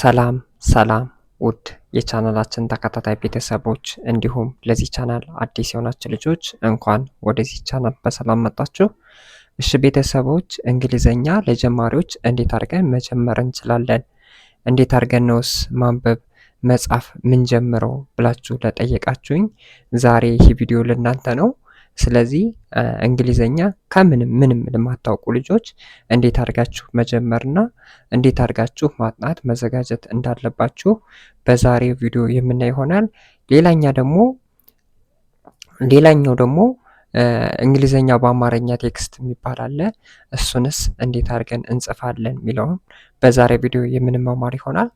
ሰላም ሰላም ውድ የቻናላችን ተከታታይ ቤተሰቦች እንዲሁም ለዚህ ቻናል አዲስ የሆናችሁ ልጆች እንኳን ወደዚህ ቻናል በሰላም መጣችሁ። እሺ ቤተሰቦች እንግሊዘኛ ለጀማሪዎች እንዴት አድርገን መጀመር እንችላለን? እንዴት አድርገን ነውስ ማንበብ መጻፍ ምን ጀምረው ብላችሁ ለጠየቃችሁኝ ዛሬ ይህ ቪዲዮ ለእናንተ ነው። ስለዚህ እንግሊዘኛ ከምንም ምንም ለማታውቁ ልጆች እንዴት አድርጋችሁ መጀመርና እንዴት አድርጋችሁ ማጥናት መዘጋጀት እንዳለባችሁ በዛሬው ቪዲዮ የምናይ ይሆናል። ሌላኛ ደግሞ ሌላኛው ደግሞ እንግሊዘኛ በአማርኛ ቴክስት የሚባል አለ። እሱንስ እንዴት አድርገን እንጽፋለን የሚለውን በዛሬ ቪዲዮ የምንማማር ይሆናል።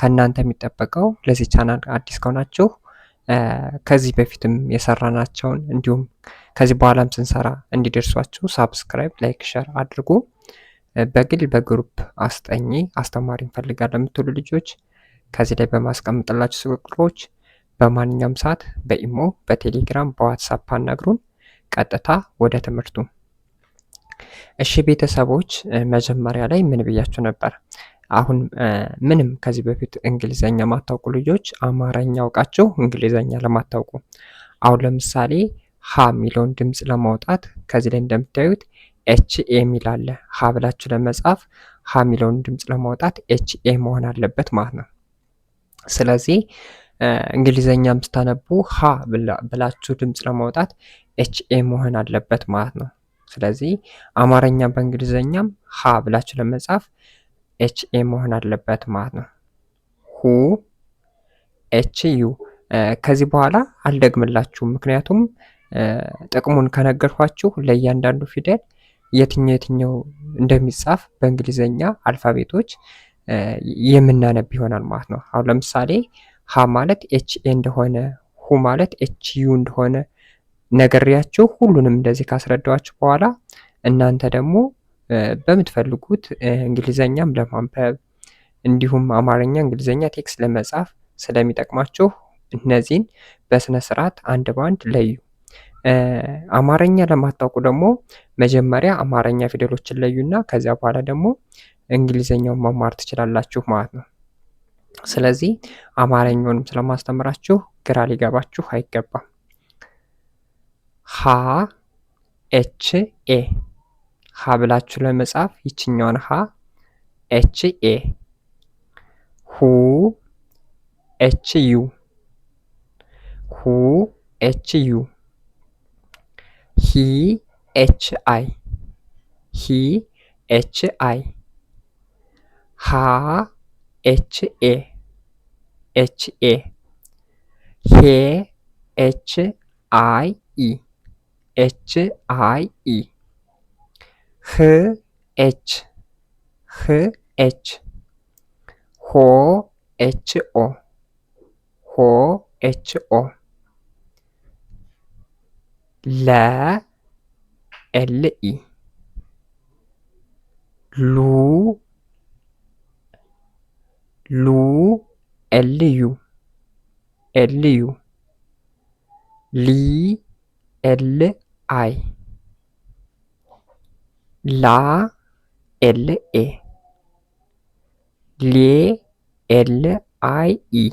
ከእናንተ የሚጠበቀው ለዚህ ቻናል አዲስ ከሆናችሁ ከዚህ በፊትም የሰራናቸውን እንዲሁም ከዚህ በኋላም ስንሰራ እንዲደርሷችሁ ሳብስክራይብ፣ ላይክ፣ ሸር አድርጉ። በግል በግሩፕ አስጠኚ አስተማሪ እንፈልጋለን የምትሉ ልጆች ከዚህ ላይ በማስቀምጥላችሁ ስልክ ቁጥሮች በማንኛውም ሰዓት በኢሞ፣ በቴሌግራም፣ በዋትሳፕ አናግሩን። ቀጥታ ወደ ትምህርቱ። እሺ ቤተሰቦች መጀመሪያ ላይ ምን ብያችሁ ነበር? አሁን ምንም ከዚህ በፊት እንግሊዘኛ ማታውቁ ልጆች አማርኛ አውቃችሁ እንግሊዘኛ ለማታውቁ አሁን ለምሳሌ ሀ የሚለውን ድምፅ ለማውጣት ከዚህ ላይ እንደምታዩት ኤች ኤ ሚል አለ። ሀ ብላችሁ ለመጻፍ ሀ የሚለውን ድምፅ ለማውጣት ኤች ኤ መሆን አለበት ማለት ነው። ስለዚህ እንግሊዘኛም ስታነቡ ሀ ብላችሁ ድምፅ ለማውጣት ኤች ኤ መሆን አለበት ማለት ነው። ስለዚህ አማረኛ በእንግሊዘኛም ሀ ብላችሁ ለመጻፍ ኤች ኤ መሆን አለበት ማለት ነው። ሁ ኤች ዩ። ከዚህ በኋላ አልደግምላችሁም፣ ምክንያቱም ጥቅሙን ከነገርኳችሁ ለእያንዳንዱ ፊደል የትኛው የትኛው እንደሚጻፍ በእንግሊዘኛ አልፋቤቶች የምናነብ ይሆናል ማለት ነው። አሁን ለምሳሌ ሀ ማለት ኤች ኤ እንደሆነ፣ ሁ ማለት ኤች ዩ እንደሆነ ነግሬያችሁ ሁሉንም እንደዚህ ካስረዳዋችሁ በኋላ እናንተ ደግሞ በምትፈልጉት እንግሊዘኛም ለማንበብ እንዲሁም አማርኛ፣ እንግሊዘኛ ቴክስት ለመጻፍ ስለሚጠቅማችሁ እነዚህን በስነ ስርዓት አንድ በአንድ ለዩ። አማርኛ ለማታውቁ ደግሞ መጀመሪያ አማርኛ ፊደሎችን ለዩና ከዚያ በኋላ ደግሞ እንግሊዘኛውን መማር ትችላላችሁ ማለት ነው። ስለዚህ አማርኛውንም ስለማስተምራችሁ ግራ ሊገባችሁ አይገባም። ሀ ኤች ኤ ሀ ብላችሁ ለመጻፍ ይችኛዋን ሀ ኤች ኤ ሁ ኤች ዩ ሁ ኤች ዩ ሂ ኤች አይ ሂ ኤች አይ ሃ ኤች ኤ ኤች ኤ ሄ ኤች አይ ኢ ኤች አይ ኢ ህ ኤች ህ ኤች ሆ ኤች ኦ ሆ ኤች ኦ ለ ኤል ኢ ሉ ሉ ኤል ዩ ኤል ዩ ሊ ኤል አይ la l e ሌ l i i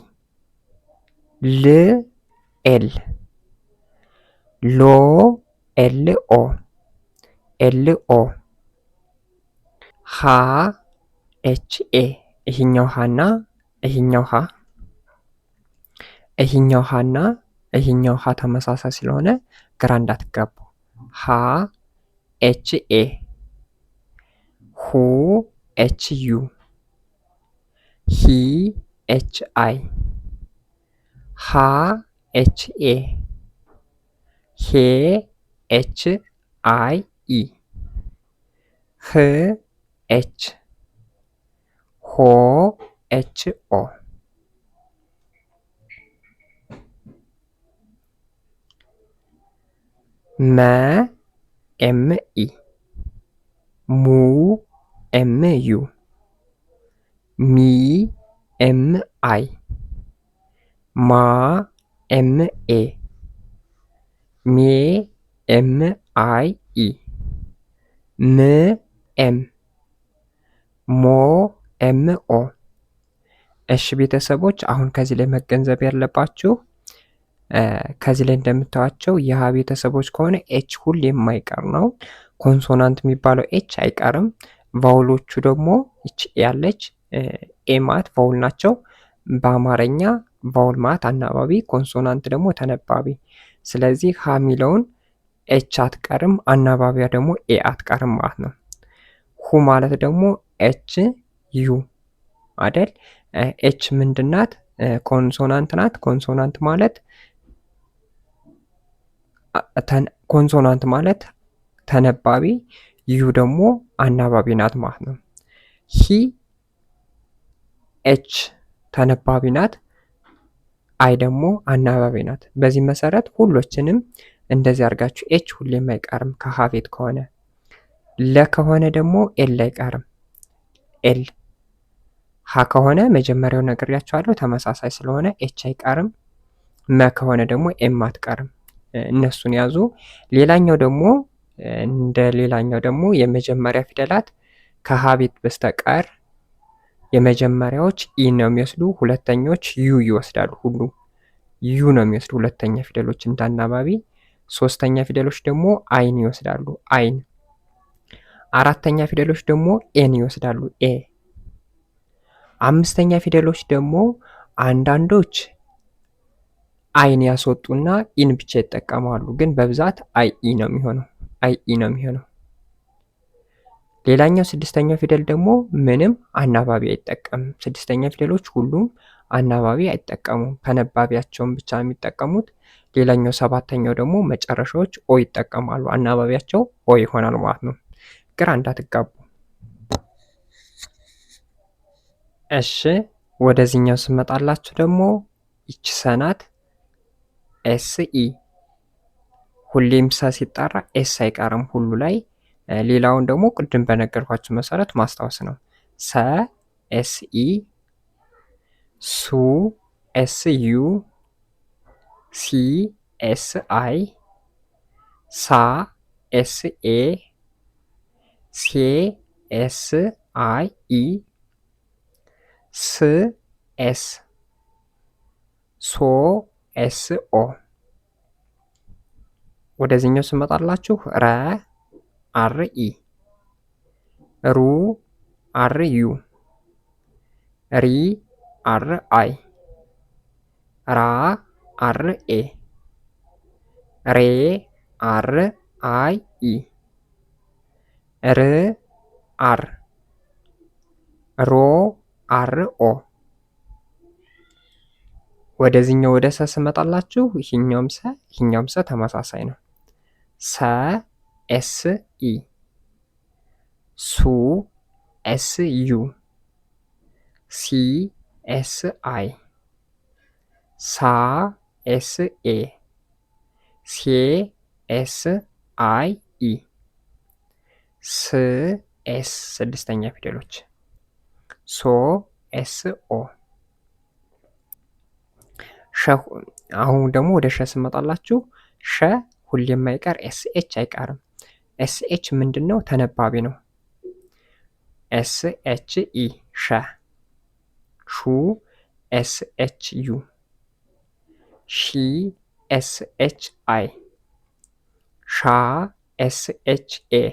l l ሎ l o l o ሀ ኤች ኤ ይህኛው ሀና ይህኛው ሀ ይህኛው ሀና ይህኛው ሀ ተመሳሳይ ስለሆነ ግራ እንዳትጋቡ ሀ ኤች ኤ who hu he hi ha ha he hie h h ho ho ma m e mu ኤም ዩ ሚ ኤም አይ ማ ኤም ኤ ሜ ኤም አይ ኢ ም ኤም ሞ ኤም ኦ። እሺ ቤተሰቦች አሁን ከዚህ ላይ መገንዘብ ያለባችሁ ከዚህ ላይ እንደምታዋቸው የሀ ቤተሰቦች ከሆነ ኤች ሁሌ የማይቀር ነው። ኮንሶናንት የሚባለው ኤች አይቀርም። ቫውሎቹ ደግሞ ይች ያለች ኤ ቫውል ናቸው። በአማርኛ ቫውል ማለት አናባቢ፣ ኮንሶናንት ደግሞ ተነባቢ። ስለዚህ ሀ ሚለውን ኤች አትቀርም፣ አናባቢያ ደግሞ ኤ አትቀርም ማለት ነው። ሁ ማለት ደግሞ ኤች ዩ አደል። ኤች ምንድናት? ኮንሶናንት ናት። ኮንሶናንት ማለት ኮንሶናንት ማለት ተነባቢ ዩ ደግሞ አናባቢ ናት ማለት ነው። ሂ ኤች ተነባቢ ናት። አይ ደግሞ አናባቢ ናት። በዚህ መሰረት ሁሎችንም እንደዚህ አድርጋችሁ ኤች ሁሌም አይቀርም ከሀቤት ከሆነ ለ ከሆነ ደግሞ ኤል አይቀርም ኤል ሀ ከሆነ መጀመሪያው ነግሬያችኋለሁ ተመሳሳይ ስለሆነ ኤች አይቀርም። መ ከሆነ ደግሞ ኤም አትቀርም። እነሱን ያዙ። ሌላኛው ደግሞ እንደ ሌላኛው ደግሞ የመጀመሪያ ፊደላት ከሀቤት በስተቀር የመጀመሪያዎች ኢ ነው የሚወስዱ፣ ሁለተኞች ዩ ይወስዳሉ። ሁሉ ዩ ነው የሚወስዱ ሁለተኛ ፊደሎች እንዳናባቢ። ሶስተኛ ፊደሎች ደግሞ አይን ይወስዳሉ። አይን። አራተኛ ፊደሎች ደግሞ ኤን ይወስዳሉ። ኤ። አምስተኛ ፊደሎች ደግሞ አንዳንዶች አይን ያስወጡና ኢን ብቻ ይጠቀማሉ። ግን በብዛት አይ ኢ ነው የሚሆነው። አይ ኢ ነው የሚሆነው። ሌላኛው ስድስተኛው ፊደል ደግሞ ምንም አናባቢ አይጠቀምም። ስድስተኛ ፊደሎች ሁሉም አናባቢ አይጠቀሙም። ከነባቢያቸውን ብቻ የሚጠቀሙት። ሌላኛው ሰባተኛው ደግሞ መጨረሻዎች ኦ ይጠቀማሉ። አናባቢያቸው ኦ ይሆናል ማለት ነው። ግራ እንዳትጋቡ እሺ። ወደዚህኛው ስመጣላችሁ ደግሞ ይች ሰናት ኤስ ኢ ሁሌም ሰ ሲጠራ ኤስ አይቀርም ሁሉ ላይ። ሌላውን ደግሞ ቅድም በነገርኳችሁ መሰረት ማስታወስ ነው። ሰ ኤስ ኢ፣ ሱ ኤስ ዩ፣ ሲ ኤስ አይ፣ ሳ ኤስ ኤ፣ ሴ ኤስ አይ ኢ፣ ስ ኤስ፣ ሶ ኤስ ኦ ወደዚህኛው ስመጣላችሁ ረ አር ኢ ሩ አር ዩ ሪ አር አይ ራ አር ኤ ሬ አር አይ ኢ ር አር ሮ አር ኦ ወደዚህኛው ወደ ሰ ስመጣላችሁ ይህኛውም ሰ ይህኛውም ሰ ተመሳሳይ ነው። ሰ ኤስ ኢ ሱ ኤስ ዩ ሲ ኤስ አይ ሳ ኤስ ኤ ሴ ኤስ አይ ኢ ስ ኤስ ስድስተኛ ፊደሎች ሶ ኤስ ኦ አሁን ደግሞ ወደ ሸ ስመጣላችሁ ሸ ሁሌም አይቀር ኤስኤች አይቀርም። ኤስኤች ምንድን ነው? ተነባቢ ነው። ኤስኤች ኢ ሸ ሹ ኤስኤች ዩ ሺ ኤስኤች አይ ሻ ኤስኤች ኤ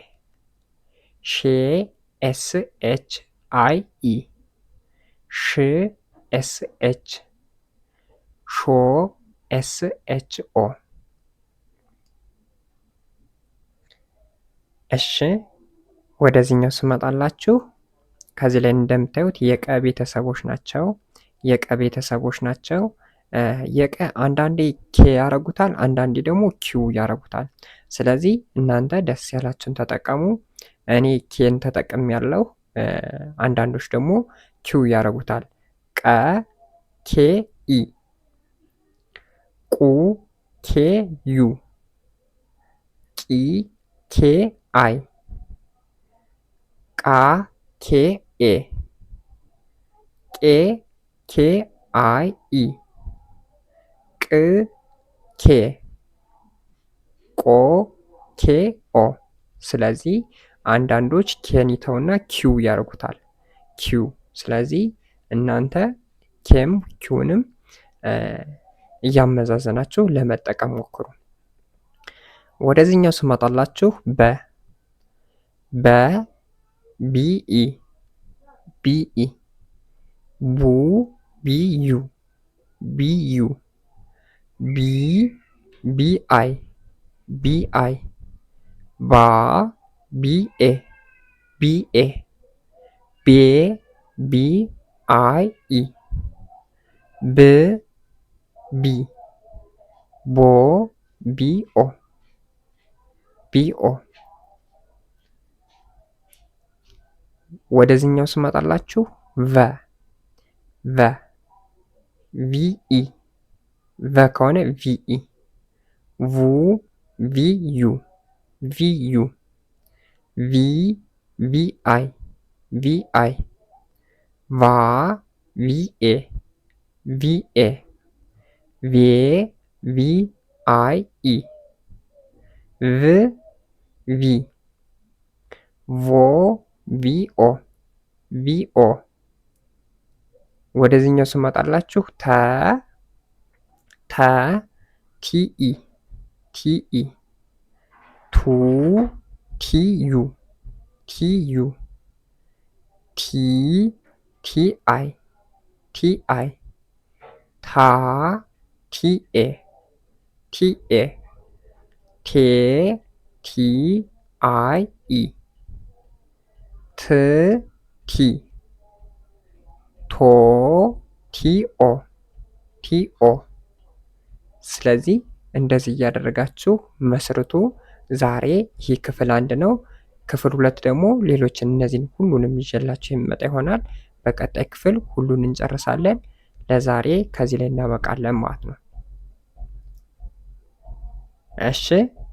ሼ ኤስኤች አይ ኢ ሽ ኤስኤች ሾ ኤስኤች ኦ እሺ ወደዚህኛው ስመጣላችሁ ከዚህ ላይ እንደምታዩት የቀ ቤተሰቦች ናቸው። የቀ ቤተሰቦች ናቸው። የቀ አንዳንዴ ኬ ያረጉታል፣ አንዳንዴ ደግሞ ኪው ያረጉታል። ስለዚህ እናንተ ደስ ያላችሁን ተጠቀሙ። እኔ ኬን ተጠቅም ያለው አንዳንዶች ደግሞ ኪው ያረጉታል። ቀ ኬ ኢ ቁ ኬ ዩ ቂ ኬ አይ ቃ ኬ ኤ ቄ ኬ አይ ኢ ቅ ኬ ቆ ኬ ኦ። ስለዚህ አንዳንዶች ኬን ይተውና ኪው ያደርጉታል። ኪው ስለዚህ እናንተ ኬም ኪውንም እያመዛዘናችሁ ለመጠቀም ሞክሩ። ወደዚህኛው ስመጣላችሁ በ ba u bi bu b b i b i ba b e b e b b i e b b bo bi o b o ወደዚህኛው ስመጣላችሁ ቨ ቨ ቪኢ ቨ ከሆነ ቪኢ ቪ ቪዩ ቪዩ ቪ ቪአይ ቪአይ ቫ ቪኤ ቪኤ ቬ ቪአይኢ ቭ ቪ ቮ ቪኦ ቪኦ ወደዚህኛው ስመጣላችሁ ተ ተ ቲኢ ቲኢ ቱ ቲዩ ቲዩ ቲ ቲአይ ቲአይ ታ ቲኤ ቲኤ ቴ ቲአይ ኢ ትቲ ቶ ቲኦ ቲኦ ስለዚህ እንደዚህ እያደረጋችሁ መስርቱ። ዛሬ ይህ ክፍል አንድ ነው። ክፍል ሁለት ደግሞ ሌሎች እነዚህን ሁሉንም ይዤላችሁ የሚመጣ ይሆናል። በቀጣይ ክፍል ሁሉን እንጨርሳለን። ለዛሬ ከዚህ ላይ እናበቃለን ማለት ነው። እሺ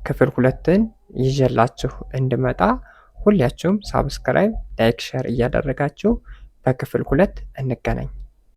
ክፍል ሁለትን ይዤላችሁ እንድመጣ ሁላችሁም ሳብስክራይብ፣ ላይክ፣ ሸር እያደረጋችሁ በክፍል ሁለት እንገናኝ።